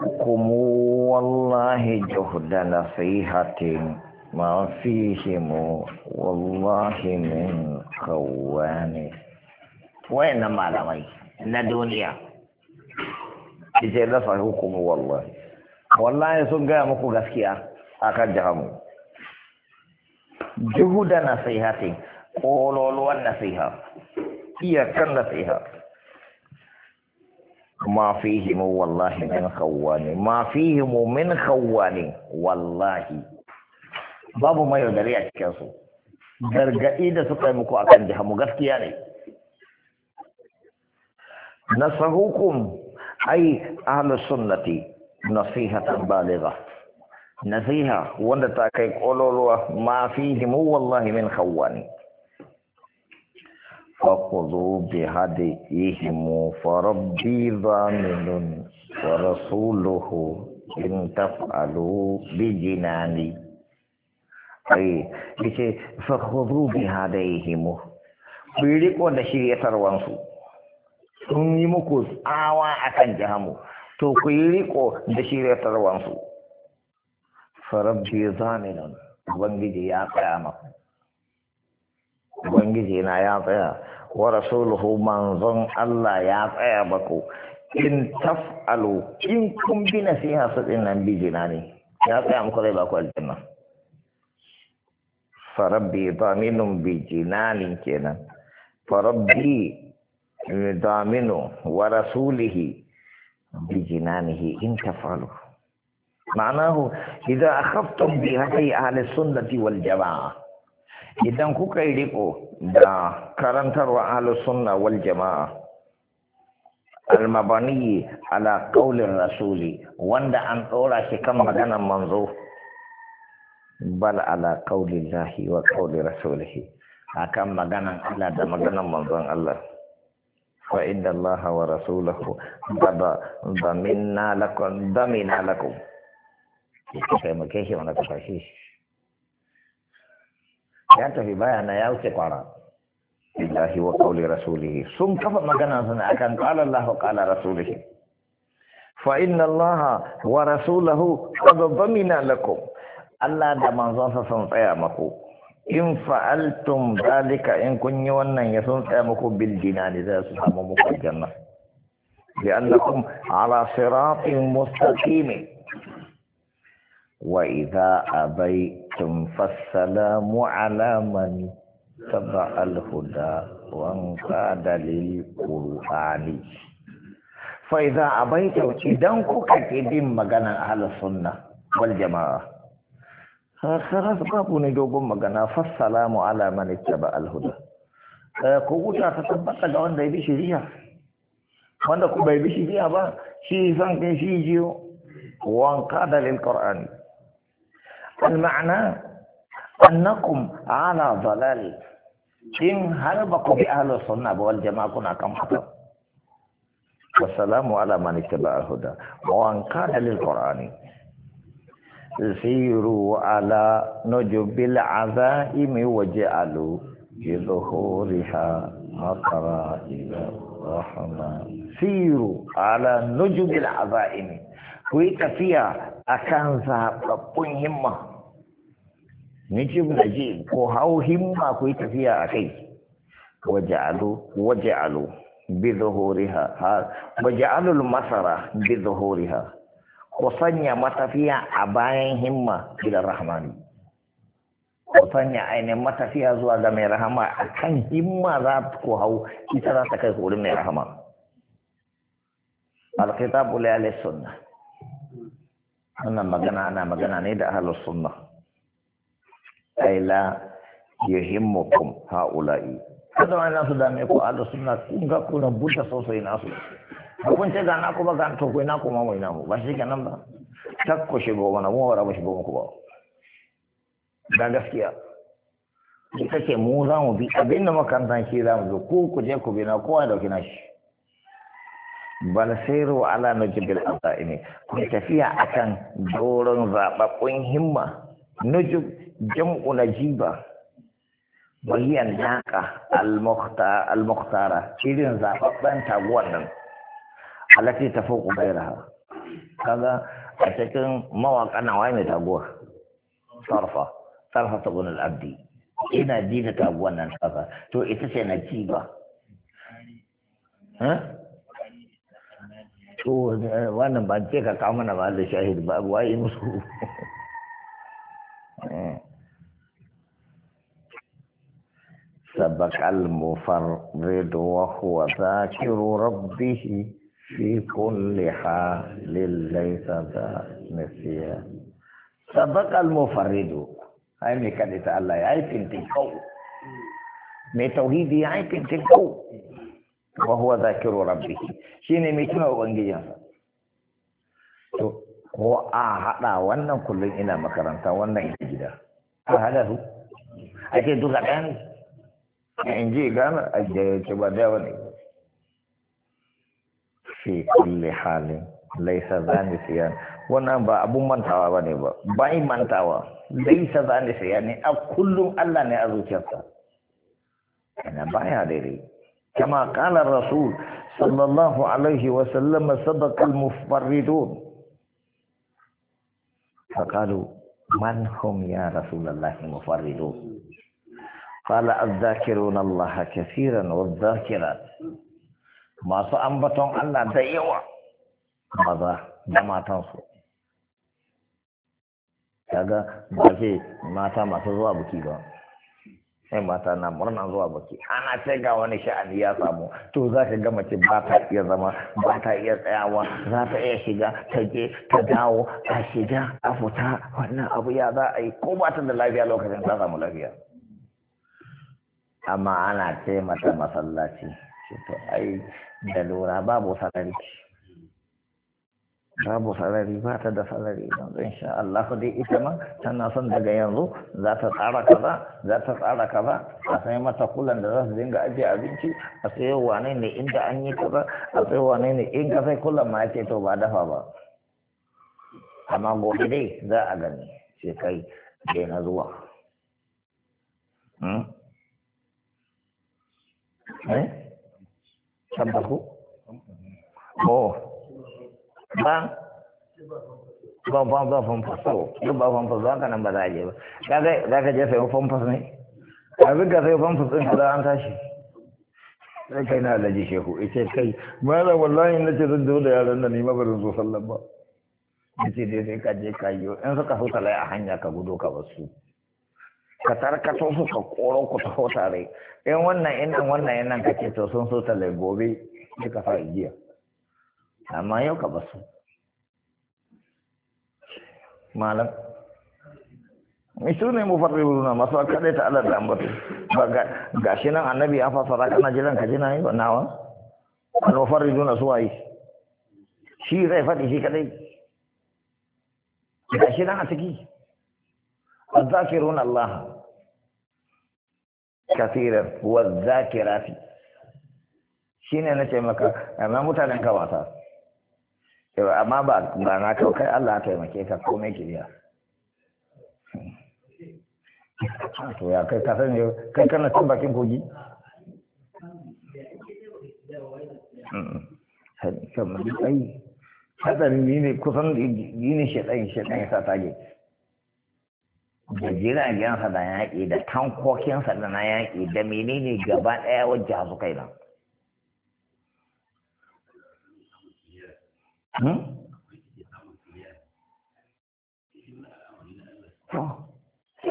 Ukamo walahi juhu da na fi haka mafihimo walahi ne mu kawane. Wa ya na duniya? Kicin na sani hukumu wala. Wala sun gaya muku gaskiya? A kan jiharmu. Juhu dana fi haka, ƙororwan na fi ما فيهم والله من خوان ما فيهم من خوان wallahi. babu mai yaudari a cikinsu gargaɗi da suka yi muku akan kan gaskiya ne nasahukum ai ahlus sunnati nasihatan baligha nasiha wanda ta kai kololuwa ma fihi mu wallahi min khawani فخذوا بهديهم فربي ضامن ورسوله إن تفعلوا بجناني أي بشي فخذوا بهديهم بيريكو نشري أتروانسو sun yi muku tsawa a kan jihamu to ku yi riko da shiryatarwansu farabbi zaminun ubangiji ya tsaya ubangiji na ya tsaya wa rasuluhu manzon Allah ya tsaya baku in taf'alu in kun bi nasiha su din nan bi jina ne ya tsaya muku zai baku aljanna fa rabbi daminun bi jinanin kenan fa rabbi daminu wa rasulihi bi jinanihi in tafalu معناه إذا أخفتم بهدي أهل السنة والجماعة idan kuka yi riko da karantarwa ahlus sunna wal jama'a almabaniyi ala kaulin rasuli wanda an tsora shi kan maganan manzo bal ala kaulin lahi wa kaulin rasulihi a kan maganan Allah da maganan manzon Allah fa inda Allah wa rasulahu da damina lakum damina lakum sai mu kai shi wani kasashe shi ya tafi baya na ya wuce kwara billahi wa qawli rasulih sun kafa magana sana akan qala Allah qala rasulih fa inna Allah wa rasuluhu qad dhamina lakum Allah da manzon sa sun tsaya maku in fa'altum dalika in kunyi wannan ya sun tsaya muku bil dinani za su samu muku janna li annakum ala siratin وإذا أبيتم فالسلام على من تبع الهدى وانقاد للقرآن فإذا أبيتم إذن كتبين مغانا أهل السنة والجماعة خلاص بابو نجوب مغانا فالسلام على من اتبع الهدى كوكوتا تتبقى لون دايبي شريعة wanda ku bai bi shiriya ba shi san kai shi jiyo wanka da lil qur'ani المعنى أنكم على ضلال إن هربكم بأهل السنة والجماعة كنا كم خطأ والسلام على من اتبع الهدى وان كان للقران سيروا على نجب العزائم وجعلوا بظهورها مطرا الى الرحمة سيروا على نجب العزائم ويتفيا أكان ذهب ربهم himma yajib je ko hau himma ku yi tafiya a kai waje alu bi zuhuriha waje alul masara bi zuhuriha ku sanya matafiya a bayan himma ila rahmani ku sanya ainihin matafiya zuwa ga mai rahama a kan himma za ku hau ita za ta kai mai rahama al-khitabu li wannan magana ana magana ne da ahlus sunna ai la yuhimmukum haula'i kada wannan su dame ku ala sunna kun ga ku sosai nasu kun ce ga na ku ba ga to ku na ku ma mai mu ba shi kenan ba takko shigo mana mu wara ba shigo ku ba da gaskiya ita ce mu za mu bi abin da makarantar shi za mu zo ko ku je ku bi na kowa dauki na shi bal sairu ala najbil asa'imi ku tafiya akan doron zababun himma nujub jam'u najiba bagian naka al-mukhtara cirin zababban taguwan nan alati ta fuku gairaha kaga a cikin mawaka na waye mai taguwa sarfa sarfa ta gunar abdi ina dina da taguwan nan sarfa to ita ce najiba to wannan ba ce ka kama na ba da shahid ba wai musu سبق المفرد وهو ذاكر ربه في كل حال ليس ذا نسيا سبق المفرد هاي مي كانت الله هاي تنتكو مي توحيدي هاي تنتكو وهو ذاكر ربه شيني مي ko a haɗa wannan kullum ina makaranta wannan ina gida a haɗa su ake duka ɗaya ne in ji gana a ce ba da wani fi kulle halin laisa zani siya wannan ba abun mantawa ba ne ba bai mantawa laisa zani siya ne a kullum Allah ne a zuciyarsa yana baya daidai kama kala rasul sallallahu alaihi wa sallama sabaqal mufarridun فقالوا من هم يا رسول الله مفردون قال الذاكرون الله كثيرا والذاكرات ما سأنبتهم الله ديوا ماذا جماعتهم kaga ba ce mata masu zuwa buki ba sai mata na murna zuwa baki ana ce ga wani sha'ani ya samu to za ka ga mace ba ta iya zama ba ta iya tsayawa za ta iya shiga ta je ta dawo a shiga a fita wannan abu ya za a yi ko ba ta da lafiya lokacin ta samu lafiya amma ana ce mata masallaci to ai da lura babu sarari babu salari ba ta da salari zai sha Allah dai ita ma tana son daga yanzu za ta tsara kaza za ta tsara kaza a sai mata kulan da za su dinga ajiye abinci a sai wane ne inda an yi kaza a sai wane ne in ka sai kulan ma ce to ba dafa ba amma gobe dai za a gani sai kai dai na zuwa hmm? eh aku? oh ba ba ba Fan famfas to duk ba famfas ba haka nan ba za a je ba za ka je sai sayan famfas ne kafin ka sayan famfas ɗin kuɗa an tashi sai kai na alhaji shehu ita kai mara wallahi na ce zan zo da yaran da ni ma barin zo sallan ba ya ce dai sai ka je ka yi in suka so talai a hanya ka gudo ka basu ka tarkato su ka koro ku taho tare in wannan inan wannan inan kake to sun so talai gobe sai ka fara igiya amma yau ka basu malam mai su ne mufarriruna masu kaɗai ta Allah da ambatu ga shi nan annabi ya fasara kana jiran ka jina yi nawa al-mufarriduna su waye shi zai faɗi shi kadai ga shi nan a ciki wa الله Shi ne na ce maka amma mutanen ka wasa yau amma ba ba na kau kai Allah ya taimake ka komai kiriya to ya kai ka san yau kai kana cin bakin kogi kamar ai hadari ni ne kusan ni ne shaɗan shaɗan ya sa tage da sa da yaƙi da tankokinsa da na yaƙi da menene gaba ɗaya wajen su kai nan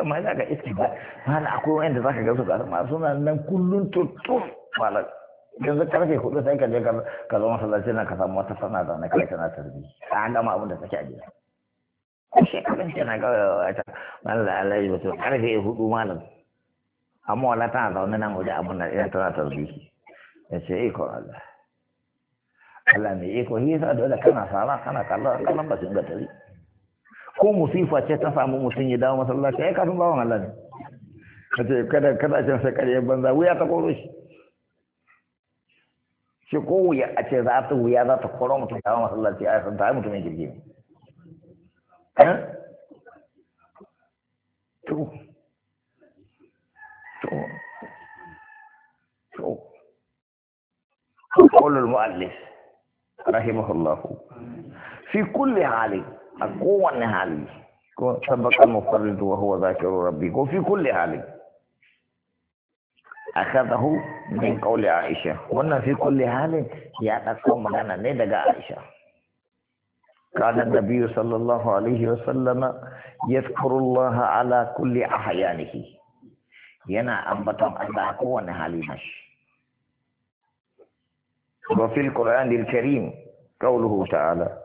mai za ka iske ba mala akwai wanda za ka gasu da ma suna nan kullum tuttun mala yanzu karfe hudu sai ka je ka zo masallaci na ka samu wata sana da na kai tana tarbi an gama abin da take a gida ko shekarun tana ga wata mala alaji ba karfe hudu amma wala tana zaune nan waje abin da ina tana tarbi ya ce eh Allah Allah mai iko shi sa dole kana sala kana kallon kallon bakin tare. ko musifa ce ta samu mutum ya dawo masallaci ai kafin bawon Allah ne kace kada kada ce sai kare banza wuya ta koro shi shi ko wuya a ce za ta wuya za ta koro mutum dawo masallaci ai san ta mutum ya girgi eh to to to قول المؤلف rahimahullahu fi hali a kowane hali ko sabakan mufarridu wa huwa zakiru ko fi kulli hali akhadahu min qawli aisha wannan fi hali ya dauko magana ne daga aisha kana nabi sallallahu alaihi wa sallama yadhkuru allaha ala kulli ahyanihi yana ambaton Allah kowane hali mashi وفي القرآن الكريم قوله تعالى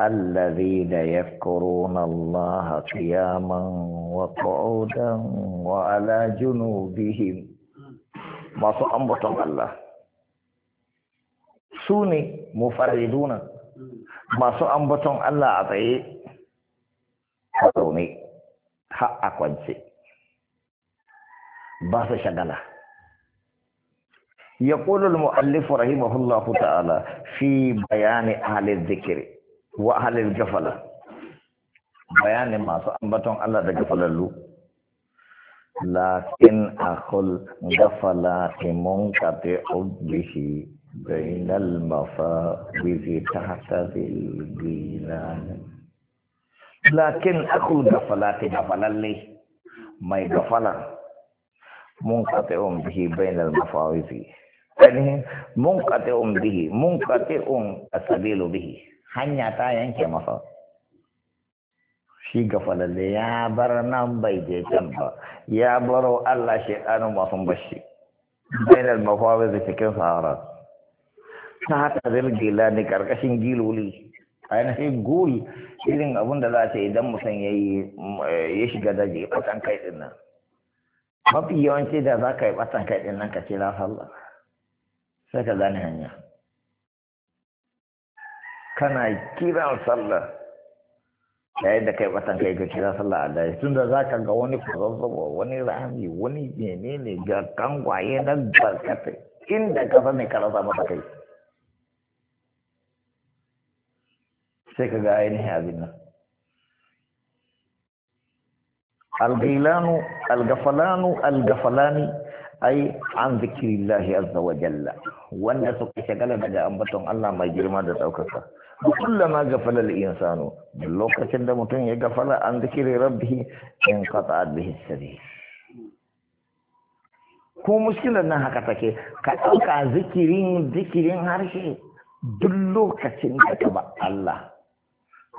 الذين يذكرون الله قياما وقعودا وعلى جنوبهم ما سأمبطن الله سوني مفردون ما سأمبطن الله عطيه سوني حق أكوانسي ba su shagala يقول المؤلف رحمه الله تعالى في بيان أهل الذكر وأهل الجفلة بيان ما سأنبتهم الله تجفل اللو لكن أخل جفلات منقطع به بين المفاوز تحت ذي الجيران لكن أخل جفلات جفل اللي ما يجفل منقطع به بين المفاوز mungkati um bihi mungkati um asabilu bihi hanya ta yanke masa shi le ya bar nan bai je can ya baro Allah shekarun ba sun bashi bainar mafawa da cikin sahara ta hata gila ne karkashin giloli ainihin gul irin abun da za ta idan mutum ya ya shiga daji batan kai din nan mafi yawanci da za ka yi batan kai din nan ka ce la sallah sai ka gane hanya kana kiran sallah yayin da kai watan kai ka kira sallah Allah tun da zaka ga wani kuzazzabo wani rami wani ne ga kangwaye na barkatai inda ka sani ka rasa masa kai sai ka ga ainihin abin nan algailanu algafalanu algafalani ai an zikirillahi azza wa jalla wanda suka shagala daga ambaton Allah mai girma da ɗaukaka. ma gafalar insano, lokacin da mutum ya gafala an zikirin rabbi in kata bihi sari. Ko muskilar nan haka take, ka ɗauka zikirin zikirin harshe duk lokacin da ka ba Allah.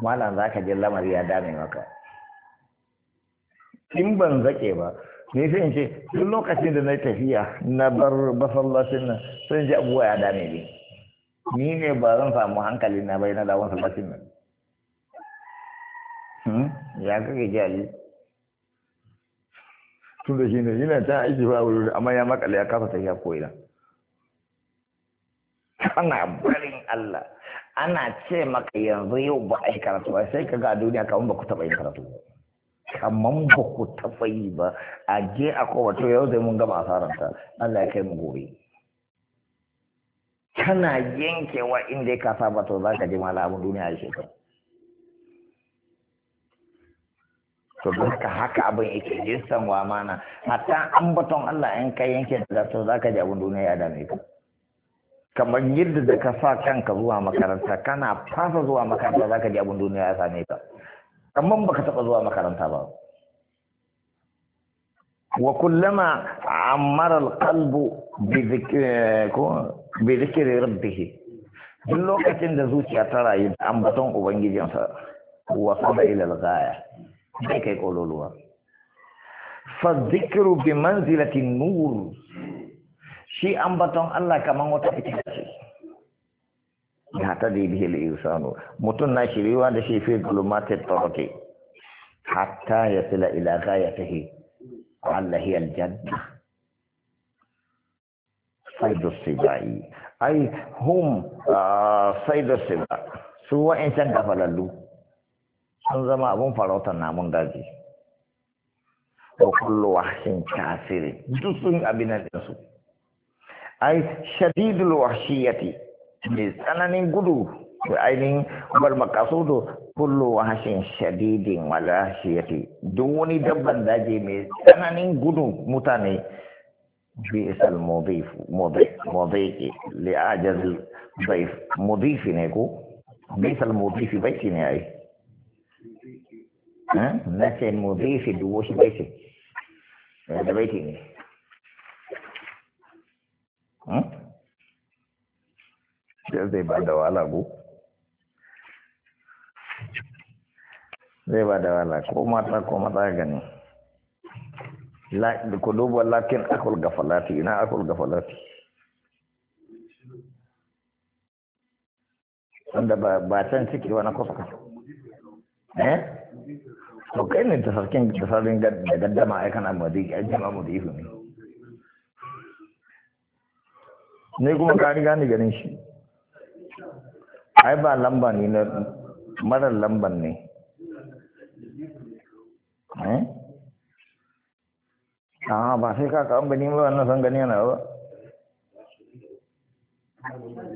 Malam za ka je lamari ya dame maka. In ban zake ba, ne sai in ce duk lokacin da na tafiya na bar masallacin nan sai in ji abubuwa ya dame ni ni ne ba zan samu hankali na bai na dawon masallacin nan hmm? ya kake ji ali tun da shi ne yana ta aiki ba wuri amma ya makale ya kafa tafiya ko ina ana barin Allah ana ce maka yanzu yau ba a yi karatu ba sai ka ga duniya kamar ba ku taɓa yin karatu ba kamar ba ku taɓa yi ba a je a kowato yau zai mun gaba asaranta Allah ya kai mu gobe kana yankewa inda ka saba to za ka je malamu duniya ya shekaru to don ka haka abin yake jinsan wa mana hatta an baton Allah in ka yanke da to za ka je abin duniya ya dame ka kamar yadda da ka sa kanka zuwa makaranta kana fasa zuwa makaranta za ka je abin duniya ya same ka amma baka taɓa zuwa makaranta ba wa kullama ammara alqalbu bi dhikri eh, rabbih duk lokacin da zuciya ta rayu da ambaton ubangijinsa wa sada ila alghaya sai kai kololuwa fa dhikru bi manzilati nur shi ambaton Allah kaman wata fitila ce ya ta da bihi al-insanu mutun na shiriwa da shi fi ya tarqi hatta yasila ila ghayatihi qala hiya al-janna saidu sibai ai hum saidu sibai su wa'ancan gafalallu sun zama abun farautar namun daji wa kullu wahshin kafirin duk sun abinan su ai shadidul wahshiyati mai tsananin gudu da ainihin wal makasudu kullu wahashin shadidin wala shiyati duk wani dabban daji mai tsananin gudu mutane bi isal mudif mudif li ajaz daif mudif ne ko bi isal mudif baiti ne ai na ce mudif duwo shi baiti eh, da baiti ne hmm? shiyar zai ba da wahala ko zai ba da wala ko mata ko mata gani ku duba lakin akul gafalati ina akul gafalati wanda ba can ciki wani kusa kasa eh to kai ne ta sarkin da sarrin da gaddama ya kana mudi ai jama mudi ne ne kuma ka riga ni ganin shi ai ba lamba ne na marar lamban ne eh ah, ba sai ka kan gani ba wannan san gani yana ba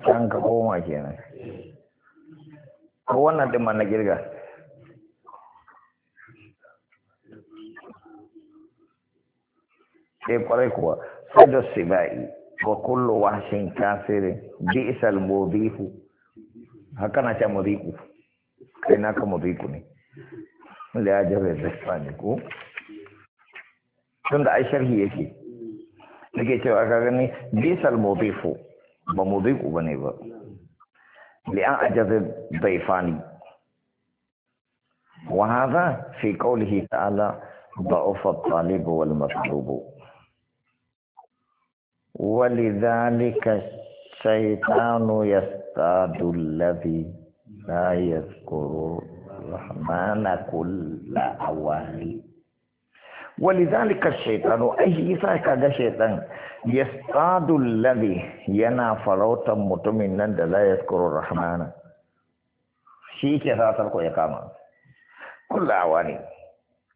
can ka koma kenan ko wannan din ma na girga sai eh, kwarai kuwa sai da ba'i wa kullu wahshin kafirin bi'sal mubihu haka na ce muziku kai naka muziku ne wanda ya jabe zai ne ko tun da ai sharhi yake nake cewa ka gani bisal muzifu ba muziku ba ne ba li'an ajabe bai fani وهذا في قوله تعالى ضعف الطالب والمطلوب ولذلك الشيطان يستطيع يكاد الذي لا يذكر الرحمن كل أوان ولذلك الشيطان أي فاكا الشيطان يصطاد الذي ينا فروتا متمنا لا يذكر الرحمن شيء كذا تلقوا يقاما كل أوان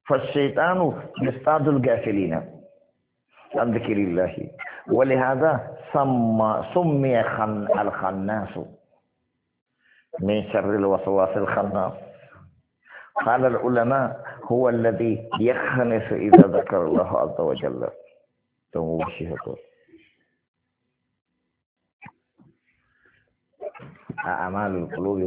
فالشيطان يصطاد الغافلين عن ذكر الله ولهذا سمى سمي خن الخناس من شر الوسواس الخناس قال العلماء هو الذي يخنس إذا ذكر الله عز وجل أعمال القلوب